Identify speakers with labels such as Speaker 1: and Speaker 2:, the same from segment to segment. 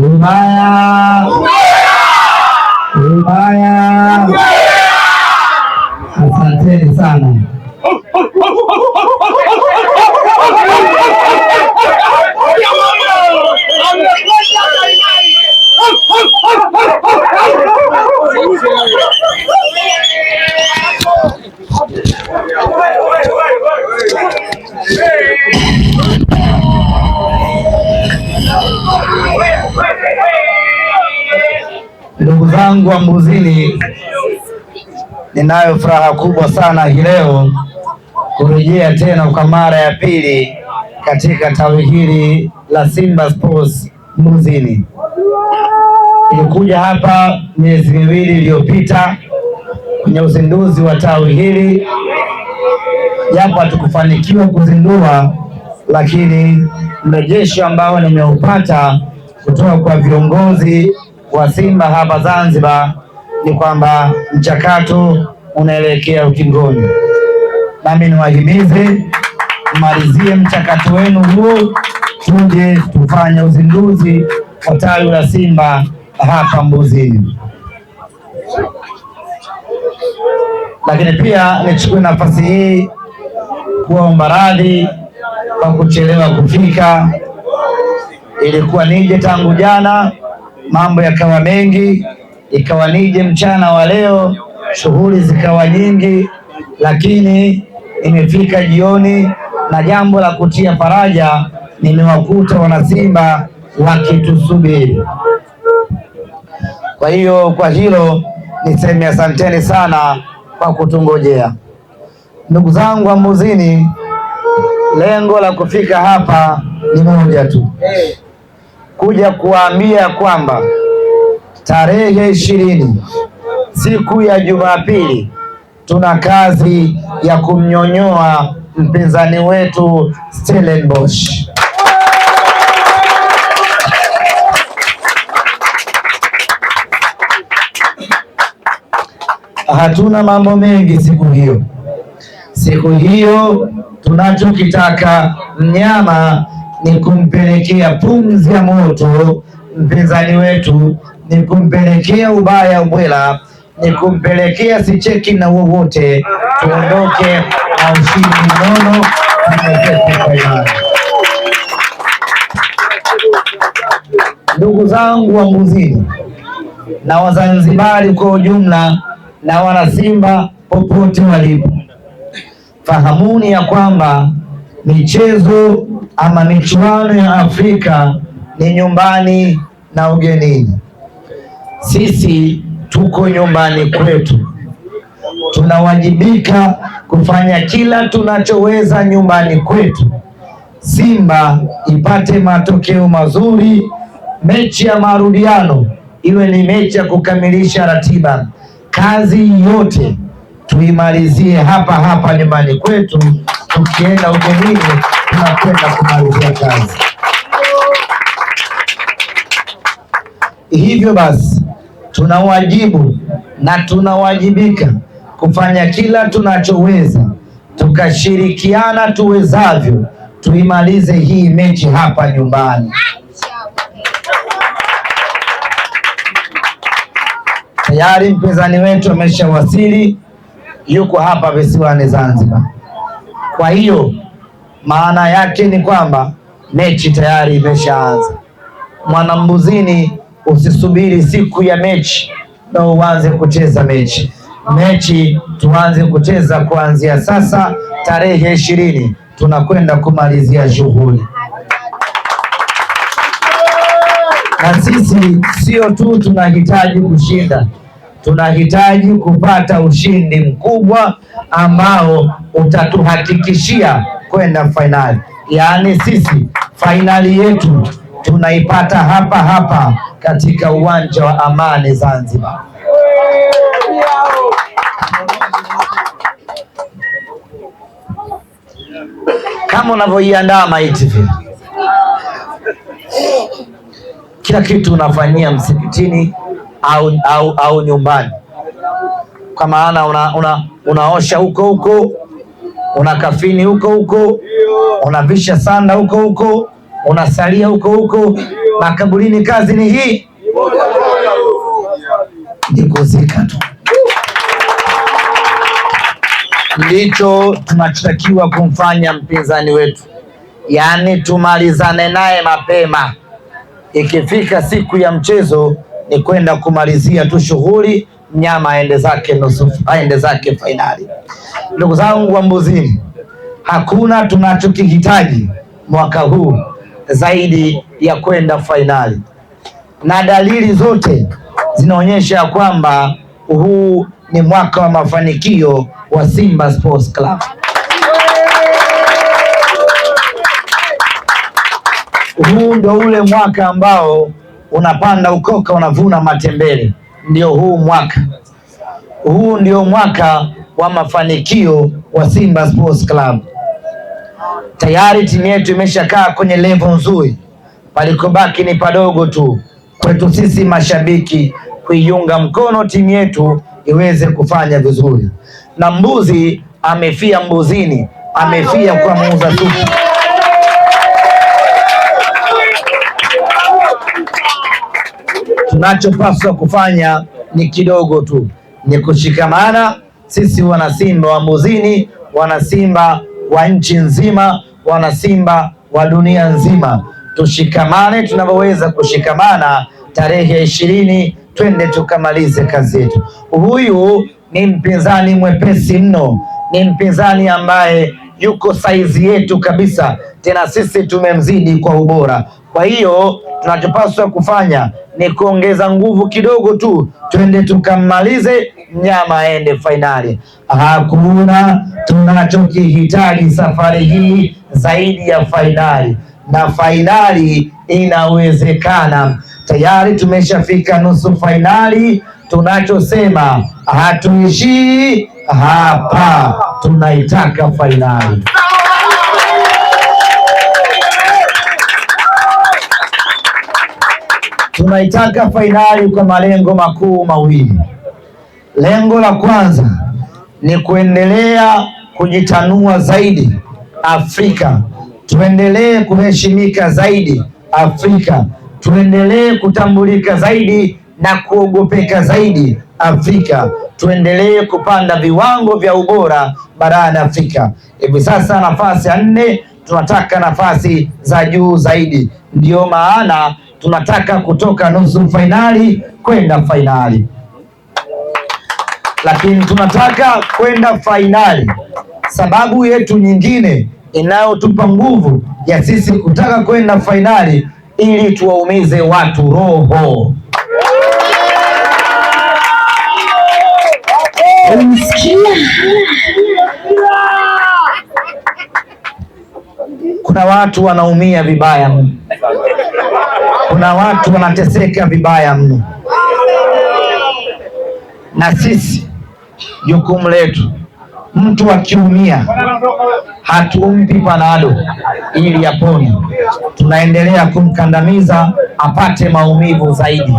Speaker 1: 不买呀！Ninayo furaha kubwa sana hii leo kurejea tena kwa mara ya pili katika tawi hili la Simba Sports Mbuzini. Nilikuja hapa miezi miwili iliyopita kwenye uzinduzi wa tawi hili, japo hatukufanikiwa kuzindua, lakini mrejesho ambao nimeupata kutoka kwa viongozi wa Simba hapa Zanzibar ni kwamba mchakato unaelekea ukingoni. Nami niwahimize mmalizie mchakato wenu huu, tuje tufanye uzinduzi wa tawi la Simba hapa Mbuzini. Lakini pia nichukue nafasi hii kuomba radhi kwa kuchelewa kufika. Ilikuwa nije tangu jana, mambo yakawa mengi ikawa nije mchana wa leo, shughuli zikawa nyingi, lakini imefika jioni, na jambo la kutia faraja, nimewakuta wanasimba wakitusubiri. Kwa hiyo kwa hilo niseme asanteni sana kwa kutungojea. Ndugu zangu wa Mbuzini, lengo la kufika hapa ni moja tu, eh. kuja kuwaambia kwamba tarehe ishirini siku ya Jumapili tuna kazi ya kumnyonyoa mpinzani wetu Stellenbosch. Hatuna mambo mengi siku hiyo. Siku hiyo tunachokitaka mnyama ni kumpelekea pumzi ya moto mpinzani wetu ni kumpelekea ubaya ubwela, ni kumpelekea sicheki na wowote. Tuondoke na ushindi mnono. Ndugu zangu wa Mbuzini na Wazanzibari kwa ujumla na Wanasimba popote walipo, fahamuni ya kwamba michezo ama michuano ya Afrika ni nyumbani na ugenini sisi tuko nyumbani kwetu, tunawajibika kufanya kila tunachoweza nyumbani kwetu, Simba ipate matokeo mazuri, mechi ya marudiano iwe ni mechi ya kukamilisha ratiba. Kazi yote tuimalizie hapa hapa nyumbani kwetu, tukienda ugenini tunakwenda kumalizia kazi. Hivyo basi tuna wajibu na tunawajibika kufanya kila tunachoweza, tukashirikiana tuwezavyo, tuimalize hii mechi hapa nyumbani. Tayari mpinzani wetu ameshawasili, yuko hapa visiwani Zanzibar. Kwa hiyo maana yake ni kwamba mechi tayari imeshaanza. Mwanambuzini Usisubiri siku ya mechi na uanze kucheza mechi. Mechi tuanze kucheza kuanzia sasa, tarehe ishirini tunakwenda kumalizia shughuli, na sisi sio tu tunahitaji kushinda, tunahitaji kupata ushindi mkubwa ambao utatuhakikishia kwenda fainali. Yaani sisi fainali yetu tunaipata hapa hapa katika uwanja wa Amani Zanzibar. Kama unavyoiandaa maiti vile, kila kitu unafanyia msikitini au, au, au nyumbani, kwa maana una, una, unaosha huko huko, una kafini huko huko, unavisha sanda huko huko unasalia huko huko, makaburini kazi ni hii, ni kuzika tu. Ndicho tunachotakiwa kumfanya mpinzani wetu, yaani tumalizane naye mapema. Ikifika siku ya mchezo, ni kwenda kumalizia tu shughuli, mnyama aende zake nusu, aende zake fainali. Ndugu zangu wa Mbuzini, hakuna tunachokihitaji mwaka huu zaidi ya kwenda fainali, na dalili zote zinaonyesha ya kwamba huu ni mwaka wa mafanikio wa Simba Sports Club. Huu ndio ule mwaka ambao unapanda ukoka unavuna matembele, ndio huu mwaka. Huu ndio mwaka wa mafanikio wa Simba Sports Club. Tayari timu yetu imeshakaa kwenye levo nzuri, palikobaki ni padogo tu kwetu sisi mashabiki kuiunga mkono timu yetu iweze kufanya vizuri. Na mbuzi amefia mbuzini, amefia kwa muuza supu. Tunachopaswa kufanya ni kidogo tu, ni kushikamana sisi wanasimba wa mbuzini, wanasimba wa nchi nzima, wanasimba wa dunia nzima, tushikamane tunavyoweza kushikamana. Tarehe ya ishirini twende tukamalize kazi yetu. Huyu ni mpinzani mwepesi mno, ni mpinzani ambaye yuko saizi yetu kabisa, tena sisi tumemzidi kwa ubora. Kwa hiyo tunachopaswa kufanya ni kuongeza nguvu kidogo tu, twende tukamalize mnyama aende fainali. Hakuna tunachokihitaji safari hii zaidi ya fainali, na fainali inawezekana. Tayari tumeshafika nusu fainali. Tunachosema hatuishii hapa, tunaitaka fainali. tunaitaka fainali kwa malengo makuu mawili. Lengo la kwanza ni kuendelea kujitanua zaidi Afrika, tuendelee kuheshimika zaidi Afrika, tuendelee kutambulika zaidi na kuogopeka zaidi Afrika, tuendelee kupanda viwango vya ubora barani Afrika. Hivi sasa nafasi ya nne, tunataka nafasi za juu zaidi, ndiyo maana tunataka kutoka nusu fainali kwenda fainali, lakini tunataka kwenda fainali. Sababu yetu nyingine inayotupa nguvu ya sisi kutaka kwenda fainali ili tuwaumize watu roho. Kuna watu wanaumia vibaya kuna watu wanateseka vibaya mno, na sisi jukumu letu, mtu akiumia hatumpi panado ili apone, tunaendelea kumkandamiza apate maumivu zaidi,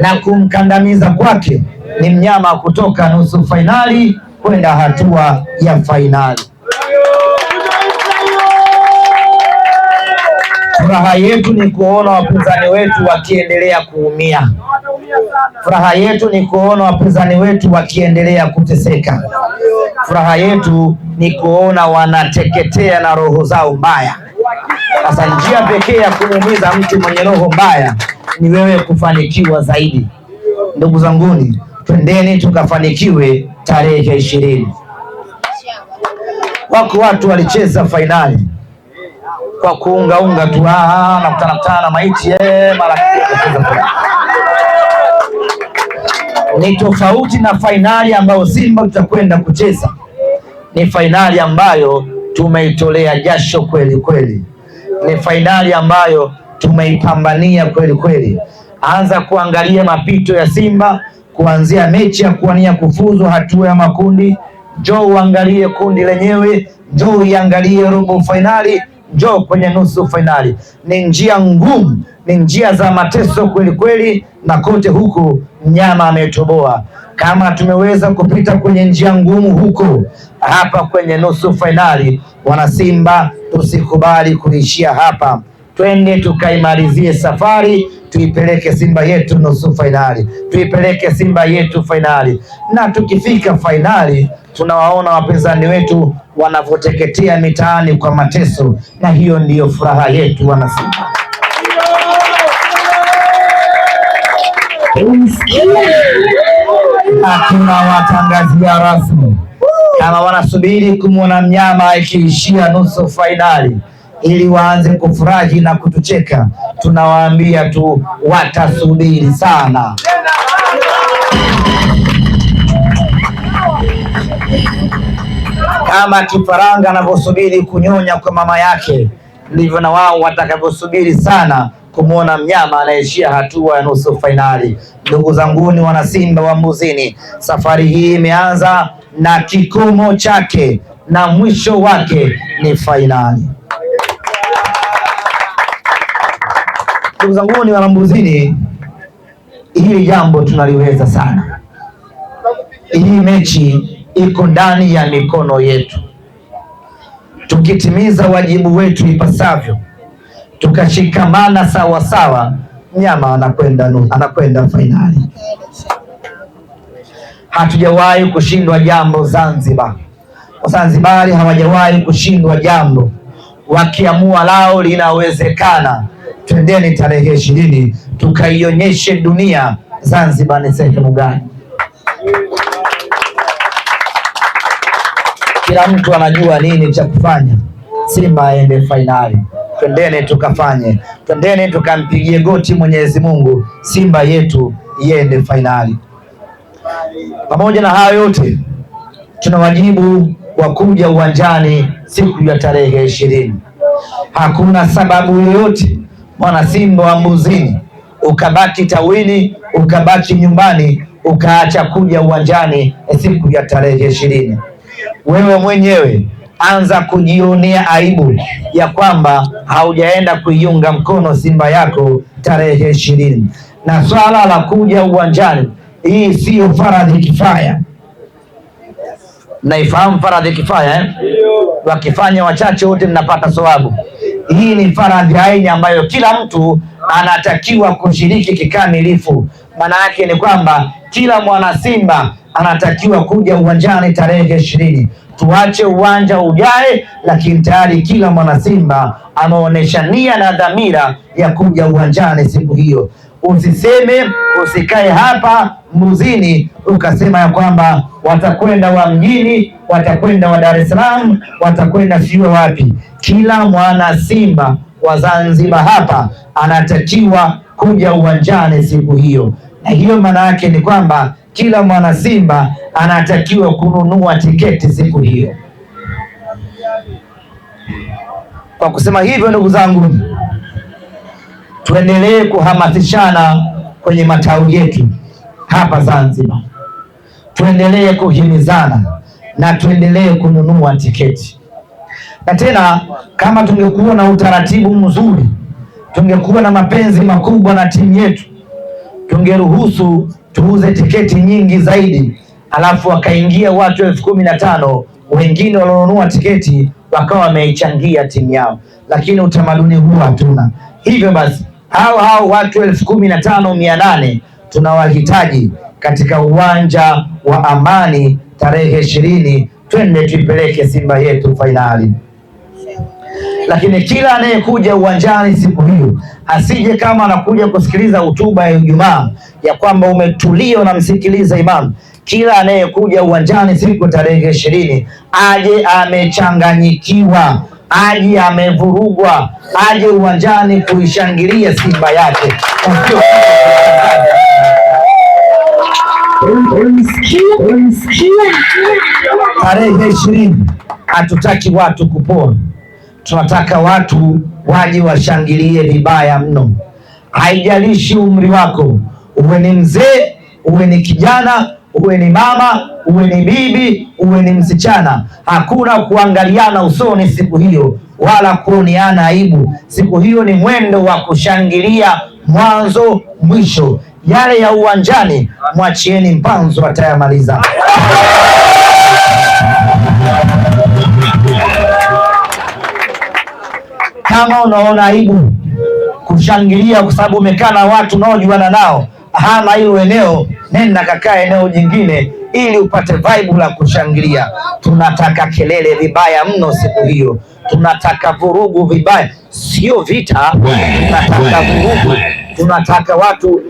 Speaker 1: na kumkandamiza kwake ni mnyama kutoka nusu fainali kwenda hatua ya fainali. Furaha yetu ni kuona wapinzani wetu wakiendelea kuumia. Furaha yetu ni kuona wapinzani wetu wakiendelea kuteseka. Furaha yetu ni kuona wanateketea na roho zao mbaya. Sasa njia pekee ya kumuumiza mtu mwenye roho mbaya ni wewe kufanikiwa zaidi. Ndugu zanguni, twendeni tukafanikiwe tarehe ishirini. Wako watu walicheza fainali kwa kuungaunga tu ah, na kutana kutana na maiti eh, mara ni tofauti na fainali ambayo Simba tutakwenda kucheza. Ni fainali ambayo tumeitolea jasho kweli kweli, ni fainali ambayo tumeipambania kweli kweli. Anza kuangalia mapito ya Simba kuanzia mechi ya kuwania kufuzu hatua ya makundi. Njoo uangalie kundi lenyewe, njoo iangalie robo fainali njoo kwenye nusu fainali. Ni njia ngumu, ni njia za mateso kweli kweli, na kote huku mnyama ametoboa. Kama tumeweza kupita kwenye njia ngumu huko, hapa kwenye nusu fainali, wanasimba, tusikubali kuishia hapa twende tukaimalizie safari, tuipeleke Simba yetu nusu fainali, tuipeleke Simba yetu fainali. Na tukifika fainali, tunawaona wapinzani wetu wanavyoteketea mitaani kwa mateso, na hiyo ndiyo furaha yetu, wanasimba. Na tunawatangazia rasmi, kama wanasubiri kumwona mnyama ikiishia nusu fainali ili waanze kufurahi na kutucheka, tunawaambia tu watasubiri sana. Kama kifaranga anavyosubiri kunyonya kwa mama yake, ndivyo na wao watakavyosubiri sana kumwona mnyama anayeishia hatua ya nusu fainali. Ndugu zanguni, wana Simba wa Mbuzini, safari hii imeanza na kikomo chake na mwisho wake ni fainali. ndugu zangu ni Wanambuzini, hili jambo tunaliweza sana. Hii mechi iko ndani ya mikono yetu. Tukitimiza wajibu wetu ipasavyo, tukashikamana sawa sawa, mnyama anakwenda anakwenda fainali. Hatujawahi kushindwa jambo Zanzibar, Wazanzibari hawajawahi kushindwa jambo, wakiamua lao linawezekana. Twendeni tarehe ishirini tukaionyeshe dunia Zanzibar ni sehemu gani. Kila mtu anajua nini cha kufanya. Simba aende fainali, twendeni tukafanye, twendeni tukampigie goti Mwenyezi Mungu, Simba yetu iende fainali. Pamoja na hayo yote, tuna wajibu wa kuja uwanjani siku ya tarehe ishirini. Hakuna sababu yoyote mwana simba wa mbuzini, ukabaki tawini, ukabaki nyumbani, ukaacha kuja uwanjani siku ya tarehe ishirini. Wewe mwenyewe anza kujionea aibu ya kwamba haujaenda kuiunga mkono Simba yako tarehe ishirini. Na swala la kuja uwanjani, hii siyo faradhi kifaya. Naifahamu faradhi kifaya eh? Wakifanya wachache wote mnapata thawabu. Hii ni faradhi aini ambayo kila mtu anatakiwa kushiriki kikamilifu. Maana yake ni kwamba kila mwana Simba anatakiwa kuja uwanjani tarehe ishirini. Tuache uwanja ujae, lakini tayari kila mwana Simba ameonyesha nia na dhamira ya kuja uwanjani siku hiyo. Usiseme, usikae hapa Mbuzini ukasema ya kwamba watakwenda wa mjini, watakwenda wa Dar es Salaam, watakwenda siwe wapi. Kila mwana Simba wa Zanzibar hapa anatakiwa kuja uwanjani siku hiyo, na hiyo maana yake ni kwamba kila mwana Simba anatakiwa kununua tiketi siku hiyo. Kwa kusema hivyo, ndugu zangu tuendelee kuhamasishana kwenye matawi yetu hapa Zanzibar, tuendelee kuhimizana na tuendelee kununua tiketi. Na tena kama tungekuwa na utaratibu mzuri, tungekuwa na mapenzi makubwa na timu yetu, tungeruhusu tuuze tiketi nyingi zaidi, alafu wakaingia watu elfu kumi na tano wengine walionunua tiketi wakawa wameichangia timu yao, lakini utamaduni huu hatuna. Hivyo basi hao hao watu elfu kumi na tano mia nane tunawahitaji katika uwanja wa Amani tarehe ishirini. Twende tuipeleke Simba yetu fainali. Lakini kila anayekuja uwanjani siku hiyo asije kama anakuja kusikiliza hotuba ya Ijumaa ya kwamba umetulia unamsikiliza imamu. Kila anayekuja uwanjani siku tarehe ishirini aje amechanganyikiwa aje amevurugwa, aje uwanjani kuishangilia Simba yake. Tarehe ishirini hatutaki watu kupona, tunataka watu waje washangilie vibaya mno. Haijalishi umri wako, uwe ni mzee, uwe ni kijana uwe ni mama, uwe ni bibi, uwe ni msichana, hakuna kuangaliana usoni siku hiyo wala kuoneana aibu siku hiyo. Ni mwendo wa kushangilia mwanzo mwisho. Yale ya uwanjani mwachieni mpanzo atayamaliza. Kama unaona aibu kushangilia kwa sababu umekaa na watu unaojuana nao, hama hilo eneo nenda kakaa eneo jingine ili upate vibe la kushangilia. Tunataka kelele vibaya mno siku hiyo, tunataka vurugu vibaya, sio vita, tunataka vurugu, tunataka watu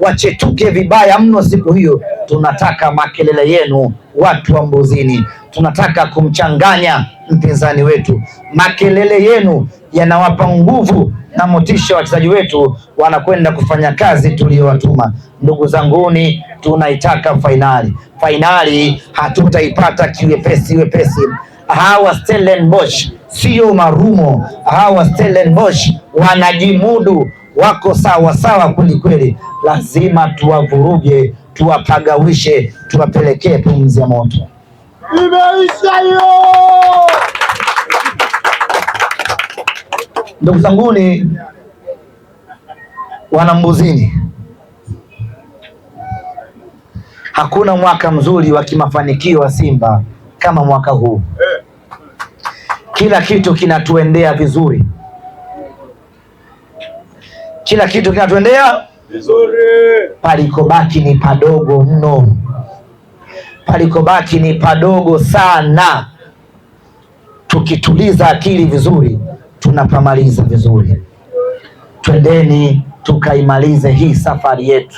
Speaker 1: wachetuke wa, wa vibaya mno siku hiyo. Tunataka makelele yenu watu wa Mbuzini, tunataka kumchanganya mpinzani wetu. Makelele yenu yanawapa nguvu na motisha wachezaji wetu wanakwenda kufanya kazi tuliyowatuma. Ndugu zanguni, tunaitaka fainali. Fainali hatutaipata kiwepesi wepesi. Hawa Stellenbosch sio marumo, hawa Stellenbosch wanajimudu, wako sawa sawa kwelikweli. Lazima tuwavuruge, tuwapagawishe, tuwapelekee pumzi ya moto. Imeisha hiyo. Ndugu zanguni Wanambuzini, hakuna mwaka mzuri wa kimafanikio wa Simba kama mwaka huu. Kila kitu kinatuendea vizuri, kila kitu kinatuendea vizuri. Palikobaki ni padogo mno, palikobaki ni padogo sana. Tukituliza akili vizuri tunapamaliza vizuri. Twendeni tukaimalize hii safari yetu,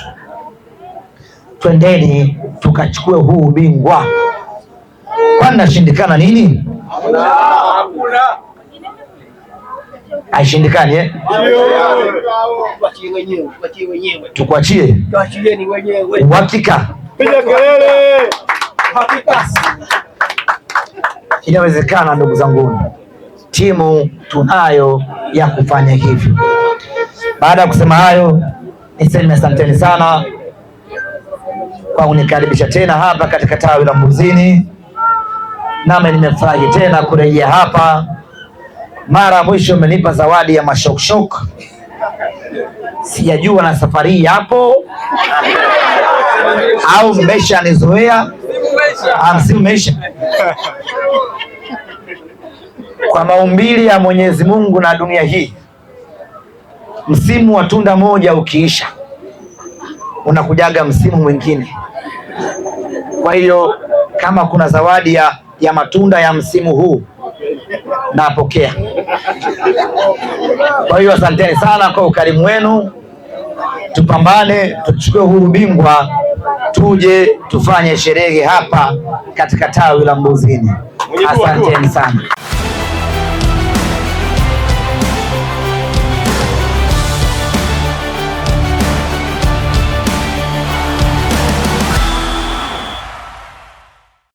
Speaker 1: twendeni tukachukue huu ubingwa. Kwani nashindikana nini? aishindikani eh? Tukuachie uhakika, inawezekana ndugu zangu timu tunayo ya kufanya hivyo. Baada ya kusema hayo, niseme asanteni sana kwa kunikaribisha tena hapa katika tawi la Mbuzini, nami nimefurahi tena kurejea hapa. Mara ya mwisho umenipa zawadi ya mashokshok, sijajua na safari yapo au ah, mmesha nizoea amsi, mmesha kwa maumbili ya Mwenyezi Mungu na dunia hii, msimu wa tunda moja ukiisha unakujaga msimu mwingine. Kwa hiyo kama kuna zawadi ya, ya matunda ya msimu huu napokea. Kwa hiyo asanteni sana kwa ukarimu wenu, tupambane, tuchukue huu ubingwa, tuje tufanye sherehe hapa katika tawi la Mbuzini. Asanteni sana.